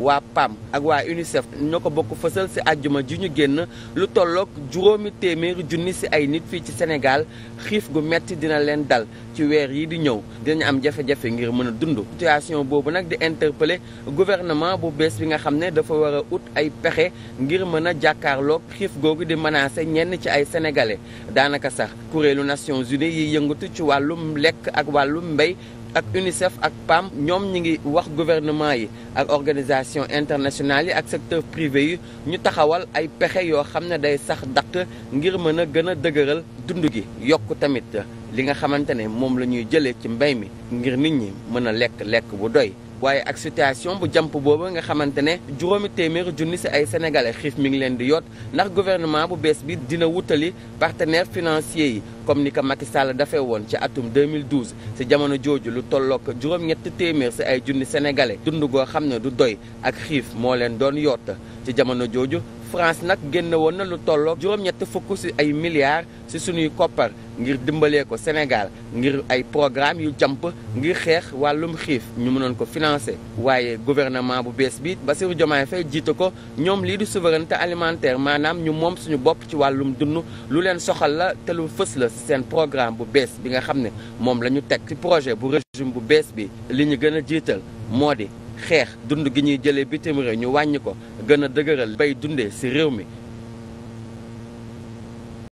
waa PAM ak waa UNICEF ñoo ko bokk fësal si àjjuma ji ñu génn lu tolloog juróomi téeméeri junni si ay nit fii ci Sénégal xiif gu metti dina leen dal ci weer yi di ñëw dinañ am jafe-jafe ngir mën a dund situation boobu nag di interpeller gouvernement bu bees bi nga xam ne dafa war a ut ay pexe ngir mën a jàkkaarloog xiif googu di menacer ñenn ci ay sénégalais daanaka sax kuréelu Nations Unies yiy yëngatu ci wàllum lekk ak wàllum mbéy ak UNICEF ak PAM ñoom ñi ngi wax gouvernement yi ak organisation internationale yi ak secteur privé yi ñu taxawal ay pexe yoo xam ne day sax dàq ngir mën a gën a dëgëral dund gi yokk tamit li nga xamante ne moom la ñuy jëlee ci mbay mi ngir nit ñi mën a lekk lekk bu doy waaye ak situation bu jàmp boobu nga xamante ne juróomi téeméeri junni si ay sénégalais xiif mi ngi leen di yoot ndax gouvernement bu bees bi dina wutali partenaires financiers yi comme ni ko Macky Sall dafee woon ci atum 2012 si jamono jooju lu tollook juróom-ñetti téeméer si ay junni sénégalais dund goo xam ne du doy ak xiif moo leen doon yott ci jamono jooju France nag génn woon na lu tolloo juróom-ñett fukk ci ay milliards ci suñuy koppar ngir dimbalee ko Sénégal ngir ay programme yu jàmp ngir xeex wàllum xiif ñu mënoon ko financer. waaye gouvernement bu bees bi Bassirou Diomaye fay jiite ko ñoom lii di souveraineté alimentaire maanaam ñu moom suñu bopp ci wàllum dund lu leen soxal la te lu fës la ci seen programme bu bees bi nga xam ne moom la ñu teg ci projet bu régime bu bees bi li ñu gën a jiital moo di xeex dund gi ñuy jëlee bitim réew ñu wàññi ko gën a dëgëral bay dundee si réew mi